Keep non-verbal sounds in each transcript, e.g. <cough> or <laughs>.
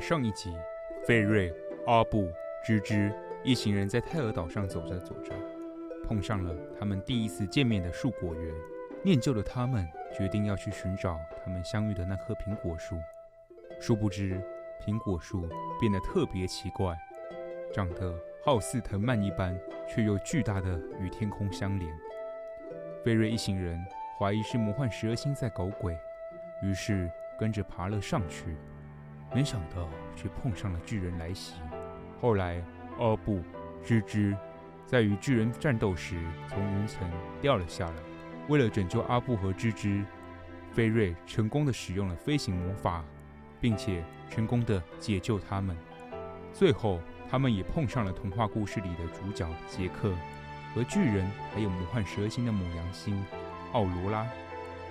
上一集，菲瑞、阿布、芝芝一行人在泰爾島上走着走着，碰上了他們第一次見面的樹果園。念舊的他們決定要去尋找他們相遇的那棵蘋果樹。殊不知，蘋果樹變得特別奇怪，長得好似藤蔓一般，卻又巨大的與天空相連。菲瑞一行人懷疑是魔幻十二星在搞鬼，於是跟着爬了上去。沒想到卻碰上了巨人來襲。後來，阿布、芝芝在與巨人戰鬥時從雲層掉了下來。為了拯救阿布和芝芝，菲瑞成功地使用了飛行魔法，並且成功地解救他們。最後，他們也碰上了童話故事裡的主角傑克和巨人，還有魔幻蛇形的母羊星奧羅拉，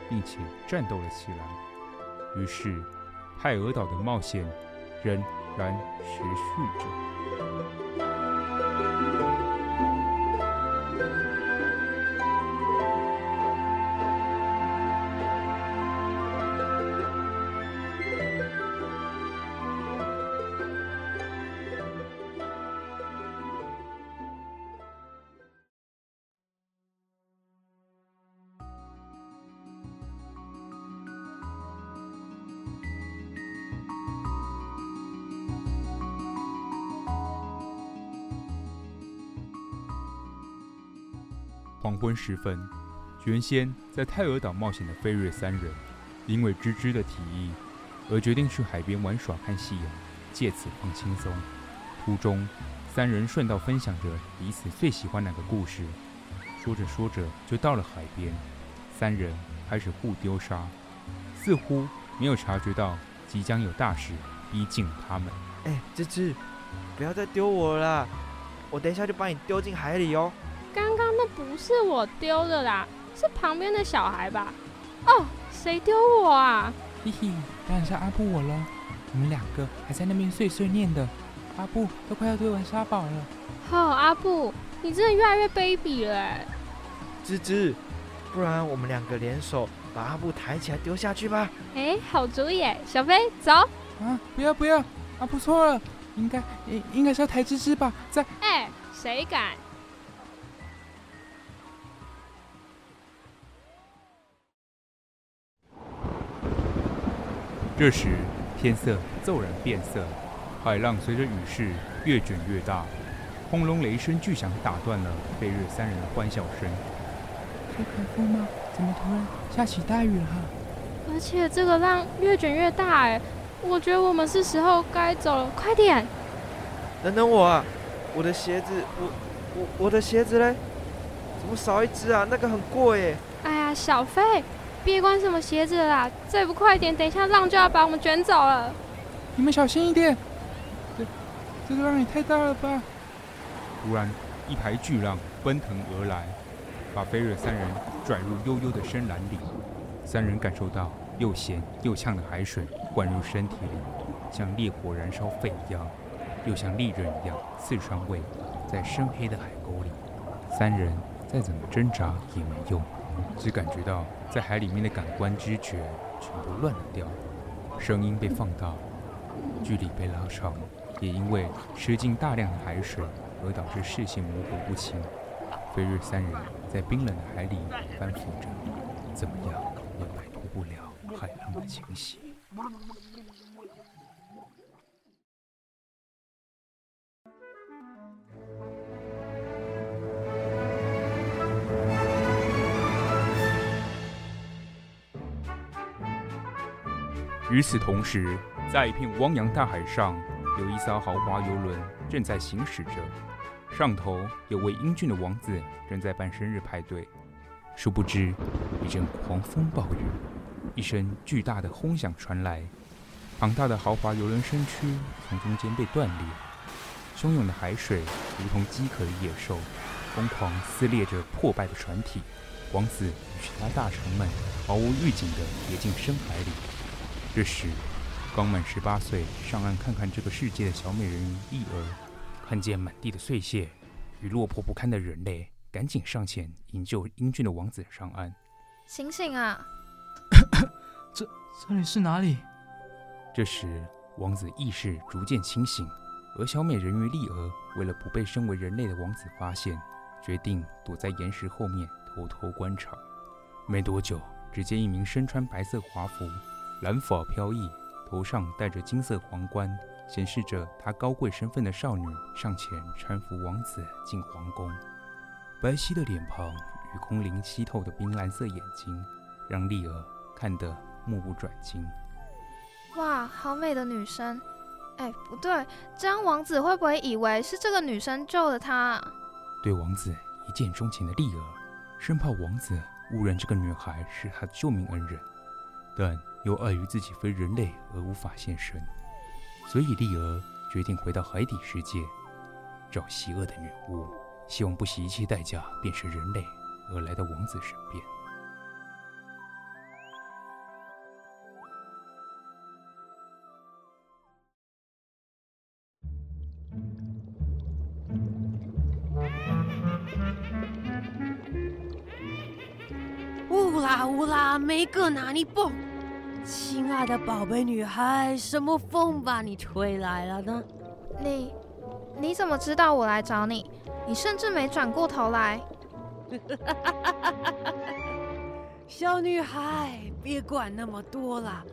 並且戰鬥了起來。於是。泰爾島的冒險仍然持續着。黃昏時分，原先在泰爾島冒險的菲瑞三人，因為芝芝的提議，而決定去海邊玩耍看夕陽，借此放輕鬆。途中，三人順道分享着彼此最喜歡哪個故事。說着說着，就到了海邊，三人開始互丟沙，似乎沒有察覺到即將有大事逼近他們。哎，芝芝，不要再丟我了，我等一下就把你丟進海裡哦！剛剛。不是我丟的啦，是旁邊的小孩吧？哦，誰丟我啊？嘿嘿，當然是阿布我了。你們兩個還在那邊碎碎念的，阿布都快要堆完沙堡了。好，阿布，你真的越來越卑鄙了。芝芝，不然我們兩個聯手把阿布抬起來丟下去吧？哎，好主意！小菲，走。啊，不要不要！阿布錯了，應該，誒，應該是要抬芝芝吧？在。哎，誰敢？這時，天色驟然變色，海浪隨着雨勢越捲越大，轟隆雷聲巨響打斷了菲瑞三人的歡笑聲。是颱風嗎？怎麼突然下起大雨了啊？而且這個浪越捲越大，哎，我覺得我們是時候該走了，快點！等等我啊，我的鞋子，我我我的鞋子嘞？怎麼少一隻啊？那個很貴哎。哎呀，小菲。別管什麼鞋子了啦，再不快點，等一下浪就要把我們捲走了。你們小心一點，這這個浪也太大了吧！突然，一排巨浪奔騰而來，把菲瑞三人捲入幽幽的深藍裡。三人感受到又鹹又嗆的海水灌入身體裡，像烈火燃燒肺一樣，又像利刃一樣刺穿胃。在深黑的海溝裡，三人再怎麼掙扎也沒用，只感覺到。在海裡面的感官知覺全部亂了掉，聲音被放大，距離被拉長，也因為吃進大量的海水而導致視線模糊不清。菲瑞三人，在冰冷的海裡翻浮着，怎麼樣也擺脫不了海浪的侵襲。與此同時，在一片汪洋大海上，有一艘豪華遊輪正在行駛着，上頭有位英俊的王子正在辦生日派對。殊不知，一陣狂風暴雨，一聲巨大的轟響傳來，龐大的豪華遊輪身軀從中間被斷裂，洶湧的海水如同饑渴的野獸，瘋狂撕裂着破敗的船體，王子與其他大臣們毫無預警地跌進深海裡。這時，剛滿十八歲上岸看看這個世界的小美人魚莉兒，看見滿地的碎屑與落魄不堪的人類，趕緊上前營救英俊的王子上岸。醒醒啊！ <coughs> 這這裡是哪裡？這時，王子意識逐漸清醒，而小美人魚莉兒為了不被身為人類的王子發現，決定躲在岩石後面偷偷觀察。沒多久，只見一名身穿白色華服。藍髮飄逸，頭上戴着金色皇冠，顯示着她高貴身份的少女上前攙扶王子進皇宮。白皙的臉龐與空靈剔透的冰藍色眼睛，讓莉兒看得目不轉睛。哇，好美的女生！哎，不對，這樣王子會不會以為是這個女生救了他？對王子一見鍾情的莉兒，生怕王子誤認這個女孩是他的救命恩人。但又礙於自己非人類而無法現身，所以麗兒決定回到海底世界，找邪惡的女巫，希望不惜一切代價變成人類而來到王子身邊。嗯嗯嗯嗯。烏拉烏拉，沒個哪裡蹦！親愛的寶貝女孩，什麼風把你吹來了呢？你，你怎麼知道我來找你？你甚至沒轉過頭來。 <laughs> 小女孩，別管那麼多了，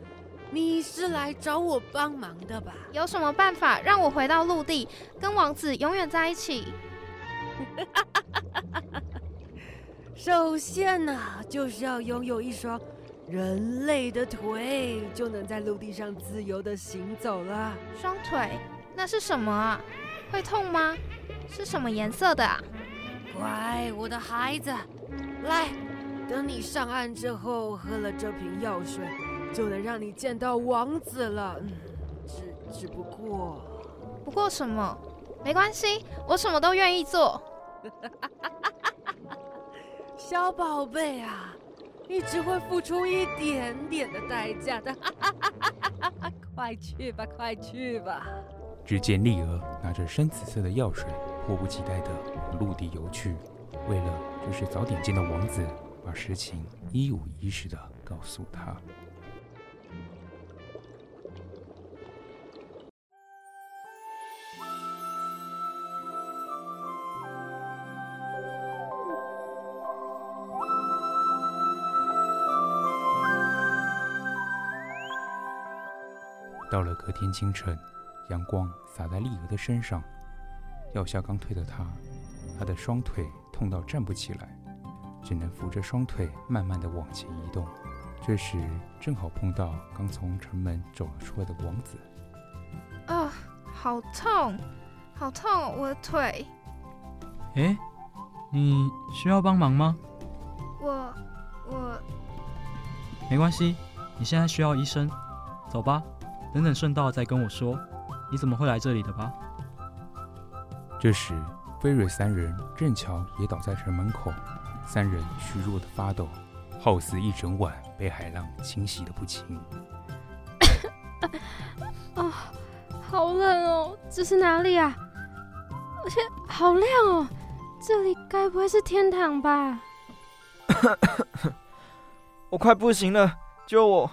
你是來找我幫忙的吧？有什麼辦法讓我回到陸地，跟王子永遠在一起？ <laughs> 首先呢，就是要擁有一雙。人類的腿就能在陸地上自由地行走了。雙腿？那是什麼啊？會痛嗎？是什麼顏色的啊？乖，我的孩子，來，等你上岸之後，喝了這瓶藥水，就能讓你見到王子了。嗯，只只不過，不過什麼？沒關係，我什麼都願意做。 <laughs> 小寶貝啊！你只會付出一點點的代價的，哈哈哈哈，快去吧，快去吧！只見莉兒拿着深紫色的藥水，迫不及待地往陸地游去。為了就是早點見到王子，把實情一五一十地告訴他。隔天清晨，陽光灑在莉兒的身上，藥效剛退的她，她的雙腿痛到站不起來，只能扶着雙腿慢慢的往前移動。這時正好碰到剛從城門走了出來的王子。啊、呃，好痛，好痛，我的腿！哎，你需要幫忙嗎？我，我。沒關係，你現在需要醫生，走吧。等等，順道再跟我說，你怎麼會來這裡的吧。這時，菲瑞三人正巧也倒在城門口，三人虛弱的發抖，好似一整晚被海浪侵襲清洗的不輕。啊 <coughs> 、哦，好冷哦！這是哪裡啊？而且好亮哦！這裡該不會是天堂吧？ <coughs> 我快不行了，救我！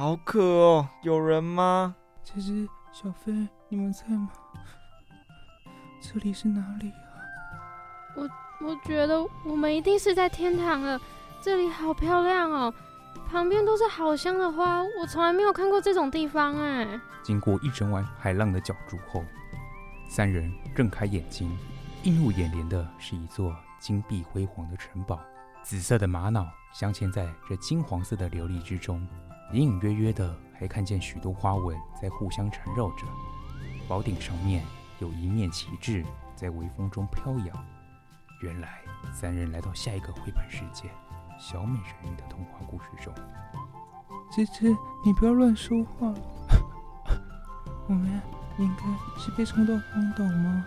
好渴哦，有人嗎？其實小飛，你們在嗎？這裡是哪裡啊？我我覺得我們一定是在天堂了，這裡好漂亮哦，旁邊都是好香的花，我從來沒有看過這種地方哎。經過一整晚海浪的角逐後，三人睜開眼睛，映入眼簾的是一座金碧輝煌的城堡，紫色的瑪瑙鑲嵌在這金黃色的琉璃之中。隱隱約約的，還看見許多花紋在互相纏繞着。寶頂上面有一面旗幟在微風中飄揚。原來三人來到下一個繪本世界——小美人魚的童話故事中。芝芝，你不要亂說話。我們應該是被沖到荒島嗎？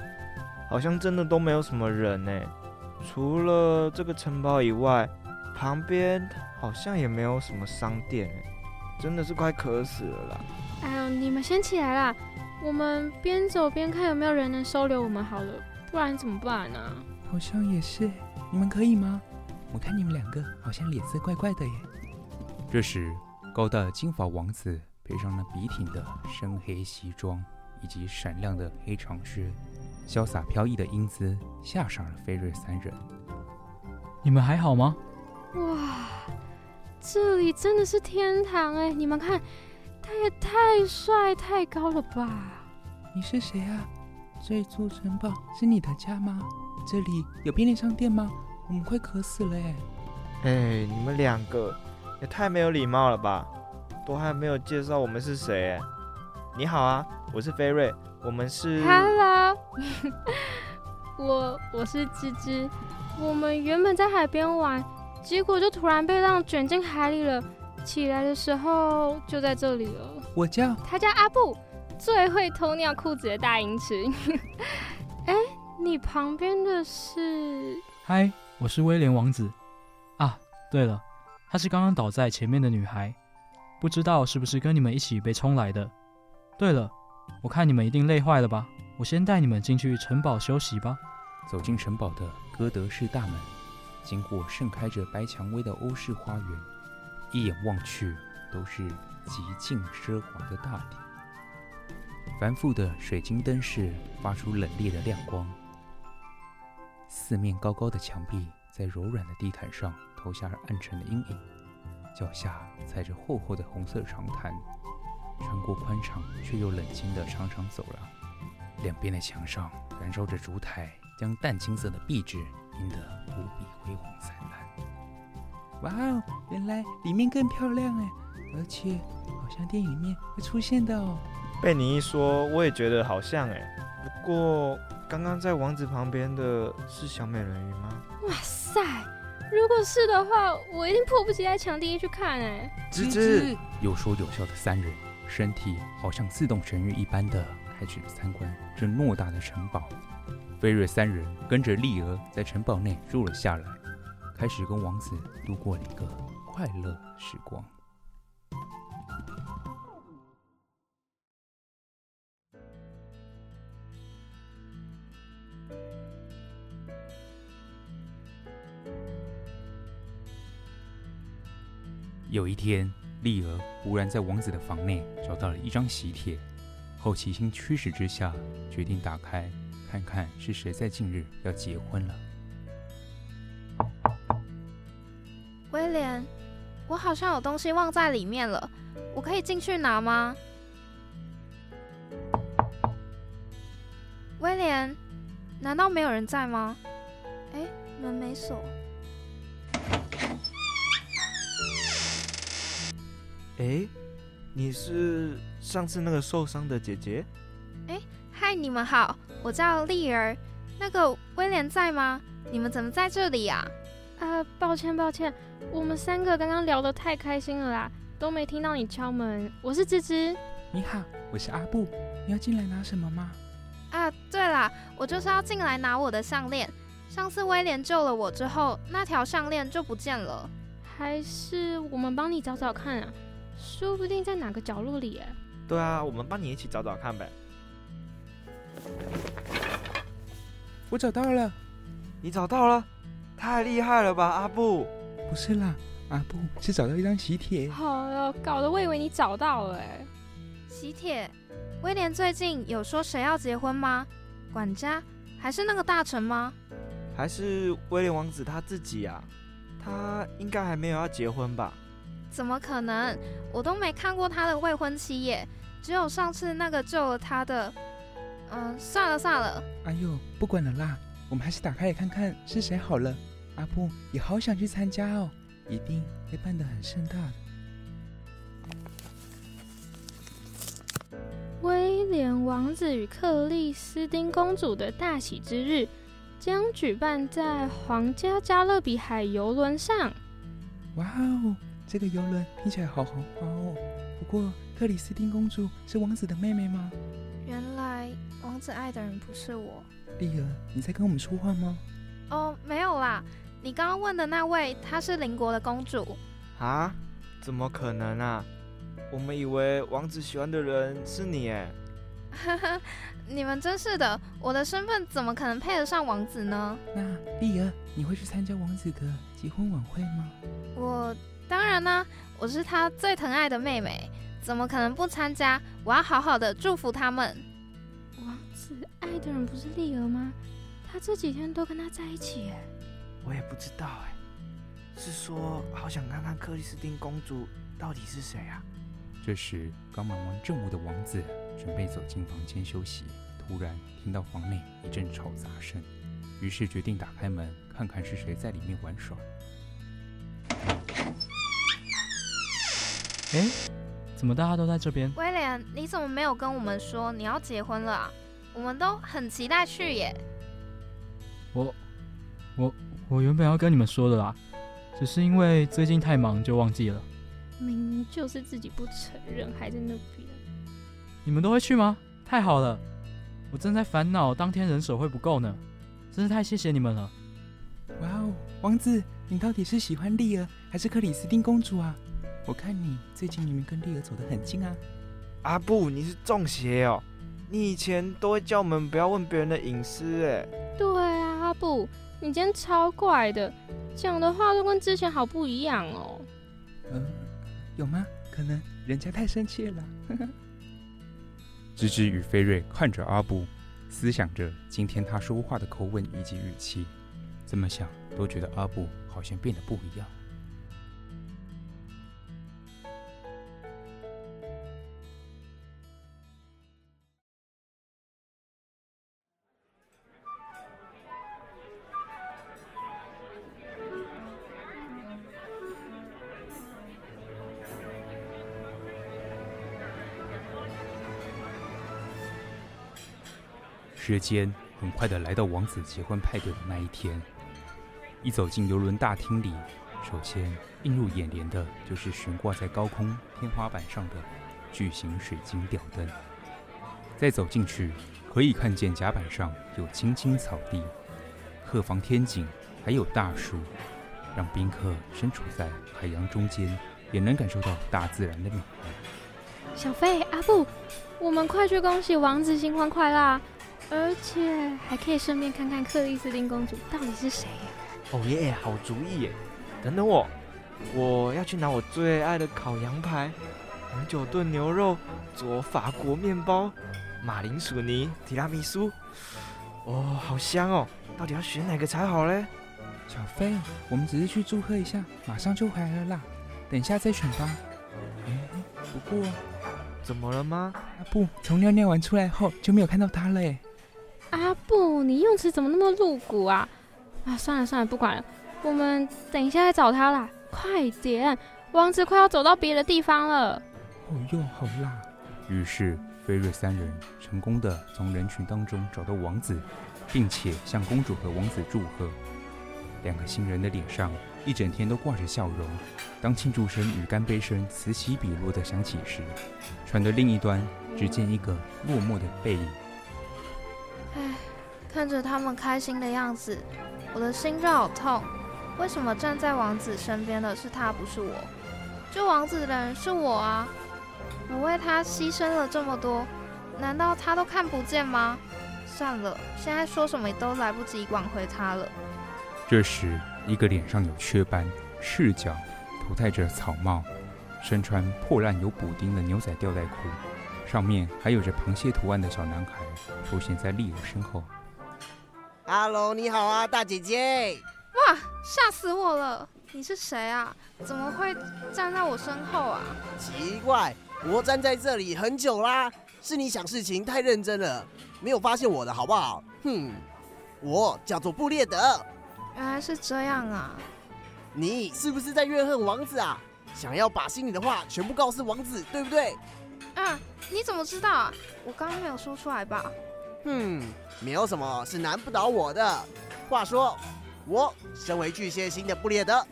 好像真的都沒有什麼人呢，哎。除了這個城堡以外，旁邊好像也沒有什麼商店，哎。真的是快渴死了啦！哎呦，你們先起來啦，我們邊走邊看有沒有人能收留我們好了，不然怎麼辦呢、啊？好像也是，你們可以嗎？我看你們兩個好像臉色怪怪的耶。這時，高大金髮王子配上了筆挺的深黑西裝以及閃亮的黑長靴，瀟灑飄逸的英姿嚇傻了菲瑞三人。你們還好嗎？哇！這裡真的是天堂哎、欸！你們看，他也太帥太，太高了吧！你是誰啊？這座城堡是你的家嗎？這裡有便利商店嗎？我們快渴死了哎、欸！哎、欸，你們兩個也太沒有禮貌了吧！都還沒有介紹我們是誰、欸。你好啊，我是菲瑞，我們是。Hello <laughs> 我。我我是芝芝，我們原本在海邊玩。結果就突然被浪捲進海裡了，起來的時候就在這裡了。我叫他叫阿布，最會偷尿褲子的大英池。哎， <laughs> 你旁邊的是？嗨，我是威廉王子。啊，對了，他是剛剛倒在前面的女孩，不知道是不是跟你們一起被沖來的。對了，我看你們一定累壞了吧，我先帶你們進去城堡休息吧。走進城堡的哥德式大門。經過盛開着白薔薇的歐式花園，一眼望去都是極盡奢華的大地。繁複的水晶燈飾發出冷冽的亮光，四面高高的牆壁在柔軟的地毯上投下暗沉的陰影。腳下踩着厚厚的紅色長毯，穿過寬敞卻又冷清的長長走廊，兩邊的牆上燃燒着燭台，將淡青色的壁紙。贏得無比輝煌燦爛。哇哦，原來裡面更漂亮哎！而且好像電影裡面會出現的哦。被你一說，我也覺得好像哎。不過，剛剛在王子旁邊的是小美人魚嗎？哇塞！如果是的話，我一定迫不及待搶第一去看哎。吱吱，有說有笑的三人，身體好像自動痊癒一般的，開啟了參觀這偌大的城堡。菲瑞三人跟着莉兒在城堡內住了下來，開始跟王子度過了一個快樂時光。有一天，莉兒忽然在王子的房內找到了一張喜帖。好奇心驅使之下，決定打開看看是誰在近日要結婚了。威廉，我好像有東西忘在裡面了，我可以進去拿嗎？威廉，難道沒有人在嗎？哎，門沒鎖。哎。你是上次那個受傷的姐姐？哎、欸，嗨，你們好，我叫莉兒。那個威廉在嗎？你們怎麼在這裡呀？啊？啊、呃，抱歉抱歉，我們三個剛剛聊得太開心了啦，都沒聽到你敲門。我是芝芝。你好，我是阿布。你要進來拿什麼嗎？啊、呃，對啦，我就是要進來拿我的項鏈。上次威廉救了我之後，那條項鏈就不見了。還是我們幫你找找看啊？說不定在哪個角落裡耶？對啊，我們幫你一起找找看唄。我找到了，你找到了，太厲害了吧，阿布！不是啦，阿布，是找到一張喜帖。好了，搞得我以為你找到了耶。喜帖，威廉最近有說誰要結婚嗎？管家，還是那個大臣嗎？還是威廉王子他自己啊？他應該還沒有要結婚吧？怎麼可能？我都沒看過他的未婚妻耶，只有上次那個救了他的。嗯，算了算了。哎呦，不管了啦，我們還是打開來看看是誰好了。阿布也好想去參加哦，一定會辦得很盛大的。威廉王子與克里斯丁公主的大喜之日，將舉辦在皇家加勒比海遊輪上。哇哦！這個遊輪聽起來好豪華哦！不過，克里斯汀公主是王子的妹妹嗎？原來王子愛的人不是我。莉兒，你在跟我們說話嗎？哦，沒有啦。你剛剛問的那位，她是鄰國的公主。啊？怎麼可能啊？我們以為王子喜歡的人是你耶。 <laughs> 你們真是的。我的身份怎麼可能配得上王子呢？那莉兒，你會去參加王子的結婚晚會嗎？我。當然啦、啊，我是他最疼愛的妹妹，怎麼可能不參加？我要好好的祝福他們。王子愛的人不是莉兒嗎？他這幾天都跟她在一起耶。我也不知道耶，是說，好想看看克里斯汀公主到底是誰啊？這時，剛忙完政務的王子準備走進房間休息，突然聽到房內一陣嘈雜聲，於是決定打開門看看是誰在裡面玩耍。哎、欸，怎麼大家都在這邊？威廉，你怎麼沒有跟我們說你要結婚了啊？我們都很期待去耶。我，我，我原本要跟你們說的啦，只是因為最近太忙就忘記了。明明就是自己不承認，還在那邊。你們都會去嗎？太好了，我正在煩惱當天人手會不夠呢，真是太謝謝你們了。哇哦，王子，你到底是喜歡莉兒還是克里斯汀公主啊？我看你最近明明跟莉兒走得很近啊！阿布，你是中邪哦！你以前都會叫我們不要問別人的隱私。哎，對啊，阿布，你今天超怪的，講的話都跟之前好不一樣哦。嗯、呃，有嗎？可能人家太生氣了。 <laughs> 芝芝與菲瑞看着阿布，思想着今天他說話的口吻以及語氣，怎麼想都覺得阿布好像變得不一樣。時間很快的來到王子結婚派對的那一天，一走進遊輪大廳裡，首先映入眼簾的就是懸掛在高空天花板上的巨型水晶吊燈。再走進去，可以看見甲板上有青青草地、客房天井，還有大樹，讓賓客身處在海洋中間，也能感受到大自然的美。小菲，阿布，我們快去恭喜王子新婚快樂！而且還可以順便看看克里斯汀公主到底是誰耶，啊！哦耶，好主意耶！等等我，我要去拿我最愛的烤羊排、紅酒燉牛肉、做法國麵包、馬鈴薯泥、提拉米蘇。哦、oh，好香哦！到底要選哪個才好嘞？小菲、啊，我們只是去祝賀一下，馬上就回來了。等一下再選吧。嗯、不過、啊、怎麼了嗎？不，從尿尿完出來後就沒有看到他嘞。阿布，你用詞怎麼那麼露骨啊？啊，算了算了，不管了，我們等一下再找他啦，快點，王子快要走到別的地方了。哦喲，好辣！於是菲瑞三人成功的從人群當中找到王子，並且向公主和王子祝賀。兩個新人的臉上一整天都掛着笑容。當慶祝聲與乾杯聲此起彼落的響起時，船的另一端只見一個落寞的背影。哎，看着他們開心的樣子，我的心就好痛。為什麼站在王子身邊的是他，不是我？救王子的人是我啊！我為他犧牲了這麼多，難道他都看不見嗎？算了，現在說什麼都來不及挽回他了。這時，一個臉上有雀斑、赤腳、頭戴着草帽、身穿破爛有補丁的牛仔吊帶褲。上面還有着螃蟹圖案的小男孩出現在莉兒身後。Hello，你好啊，大姐姐！哇，嚇死我了！你是誰啊？怎麼會站在我身後啊？奇怪，我站在這裡很久啦，是你想事情太認真了，沒有發現我的好不好？哼，我叫做布列德。原來是這樣啊！你是不是在怨恨王子啊？想要把心裡的話全部告訴王子，對不對？啊，你怎麼知道啊？我剛剛沒有說出來吧？嗯，沒有什麼是難不倒我的。話說，我身為巨蟹星的布列德，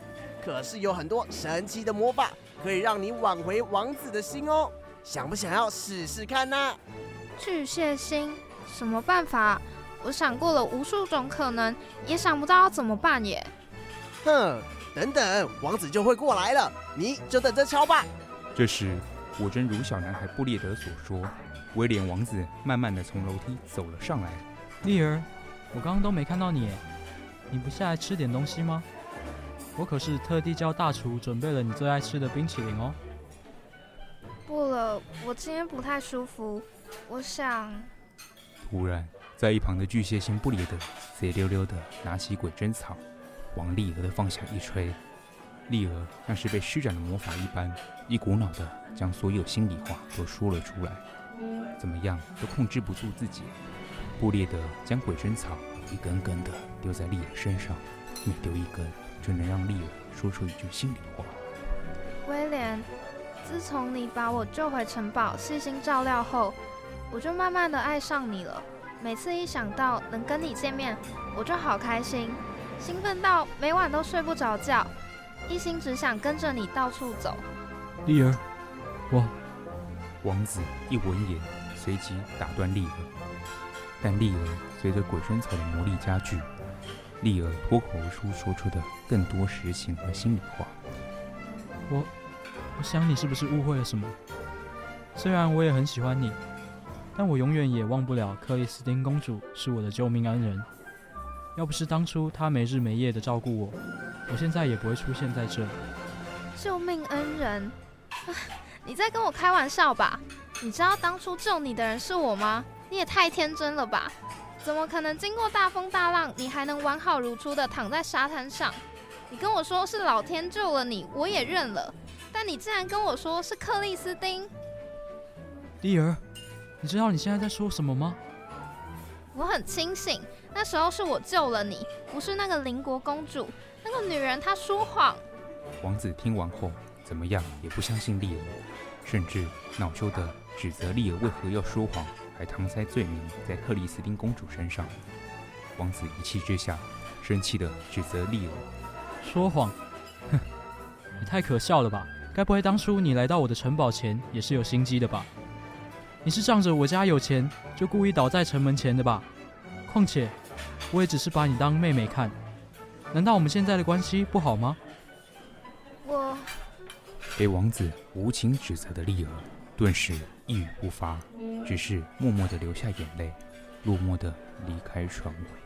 可是有很多神奇的魔法，可以讓你挽回王子的心哦。想不想要試試看呢？啊？巨蟹星，什麼辦法？我想過了無數種可能，也想不到要怎麼辦耶。哼，等等，王子就會過來了，你就等着瞧吧。這時。果真如小男孩布列德所說，威廉王子慢慢的從樓梯走了上來。莉兒，我剛剛都沒看到你，你不下來吃點東西嗎？我可是特地叫大廚準備了你最愛吃的冰淇淋哦。不了，我今天不太舒服，我想。突然，在一旁的巨蟹星布列德賊溜溜的拿起鬼針草，往莉兒的方向一吹，莉兒像是被施展了魔法一般。一股腦的將所有心裡話都說了出來，怎麼樣都控制不住自己。布列德將鬼針草一根根的丟在莉兒身上，每丟一根就能讓莉兒說出一句心裡話。威廉，自從你把我救回城堡，細心照料後，我就慢慢的愛上你了。每次一想到能跟你見面，我就好開心，興奮到每晚都睡不着覺，一心只想跟着你到處走。麗兒，我。王子一聞言，隨即打斷麗兒。但麗兒隨着鬼針草的魔力加劇，麗兒脫口而出說出的更多實情和心裡話。我，我想你是不是誤會了什麼？雖然我也很喜歡你，但我永遠也忘不了克里斯汀公主是我的救命恩人。要不是當初她沒日沒夜地照顧我，我現在也不會出現在這裡。救命恩人。 <laughs> 你在跟我開玩笑吧？你知道當初救你的人是我嗎？你也太天真了吧！怎麼可能經過大風大浪，你還能完好如初地躺在沙灘上？你跟我說是老天救了你，我也認了。但你竟然跟我說是克里斯汀。莉兒，你知道你現在在說什麼嗎？我很清醒，那時候是我救了你，不是那個鄰國公主，那個女人她說謊。王子聽完後。怎麼樣也不相信莉兒，甚至惱羞的指責莉兒為何要說謊，還搪塞罪名在克里斯汀公主身上。王子一氣之下，生氣的指責莉兒說謊。哼，你太可笑了吧！該不會當初你來到我的城堡前也是有心機的吧？你是仗着我家有錢就故意倒在城門前的吧？況且我也只是把你當妹妹看，難道我們現在的關係不好嗎？被王子無情指責的莉兒頓時一語不發，只是默默地流下眼淚，落寞地離開床尾。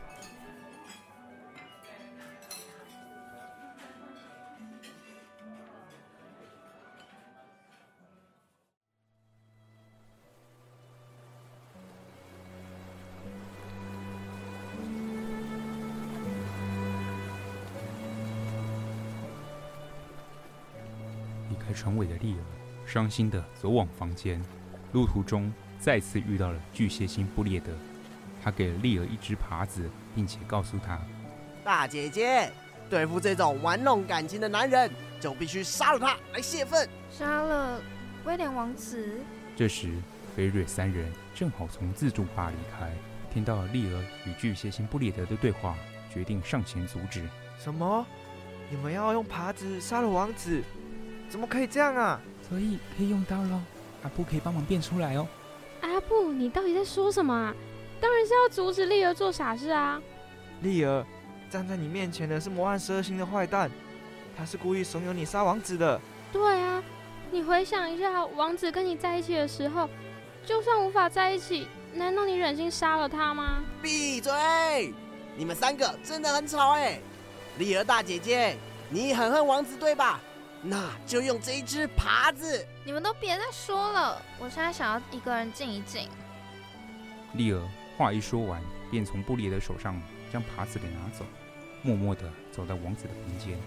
還傳位了莉兒，傷心地走往房間，路途中再次遇到了巨蟹星布列德，他給了莉兒一隻耙子，並且告訴她：“大姐姐，對付這種玩弄感情的男人，就必須殺了他來洩憤。”“殺了威廉王子。”這時，菲瑞三人正好從自助吧離開，聽到了莉兒與巨蟹星布列德的對話，決定上前阻止。“什麼？你們要用耙子殺了王子？”怎麼可以這樣啊！所以可以用刀嘍，阿布可以幫忙變出來哦。阿布，你到底在說什麼啊？當然是要阻止莉兒做傻事啊！莉兒，站在你面前的是魔暗十二星的壞蛋，他是故意慫恿你殺王子的。對啊，你回想一下，王子跟你在一起的時候，就算無法在一起，難道你忍心殺了他嗎？閉嘴！你們三個真的很吵哎！莉兒大姐姐，你很恨王子對吧？那就用這一隻耙子。你們都別再說了，我現在想要一個人靜一靜。莉兒話一說完，便從布列德手上將耙子給拿走，默默地走到王子的房間，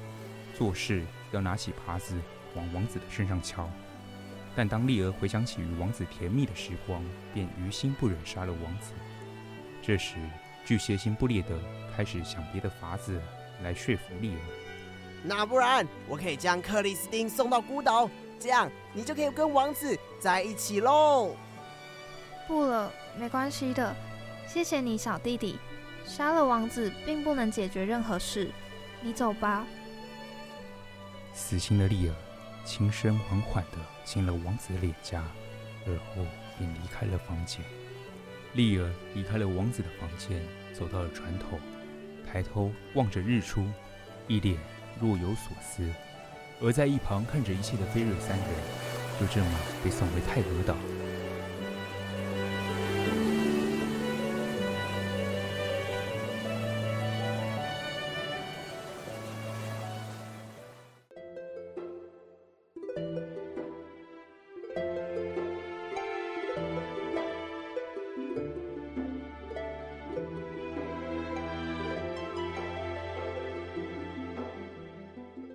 做事要拿起耙子往王子的身上敲。但當莉兒回想起與王子甜蜜的時光，便於心不忍殺了王子。這時，巨蟹星布列德開始想別的法子來說服莉兒。那不然，我可以將克里斯汀送到孤島，這樣你就可以跟王子在一起嘍。不了，沒關係的，謝謝你，小弟弟。殺了王子並不能解決任何事，你走吧。死心的莉兒輕聲緩緩的親了王子的臉頰，而後便離開了房間。莉兒離開了王子的房間，走到了船頭，抬頭望着日出，一臉若有所思，而在一旁看着一切的菲瑞三人，就這麼被送回泰爾島。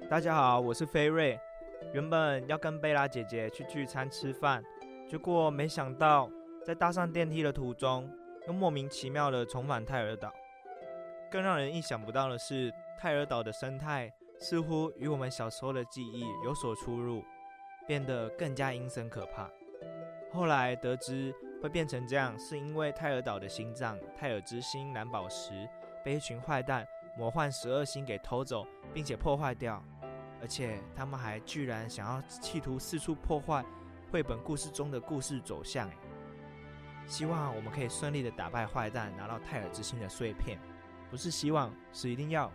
大家好，我是菲瑞。原本要跟貝拉姐姐去聚餐吃飯，結果沒想到在搭上電梯的途中，又莫名其妙的重返泰爾島。更讓人意想不到的是，泰爾島的生態似乎與我們小時候的記憶有所出入，變得更加陰森可怕。後來得知會變成這樣，是因為泰爾島的心臟泰爾之心藍寶石被一群壞蛋魔幻十二星給偷走，並且破壞掉。而且他們還居然想要企圖四處破壞繪本故事中的故事走向，希望我們可以順利的打敗壞蛋，拿到泰爾之心的碎片，不是希望，是一定要。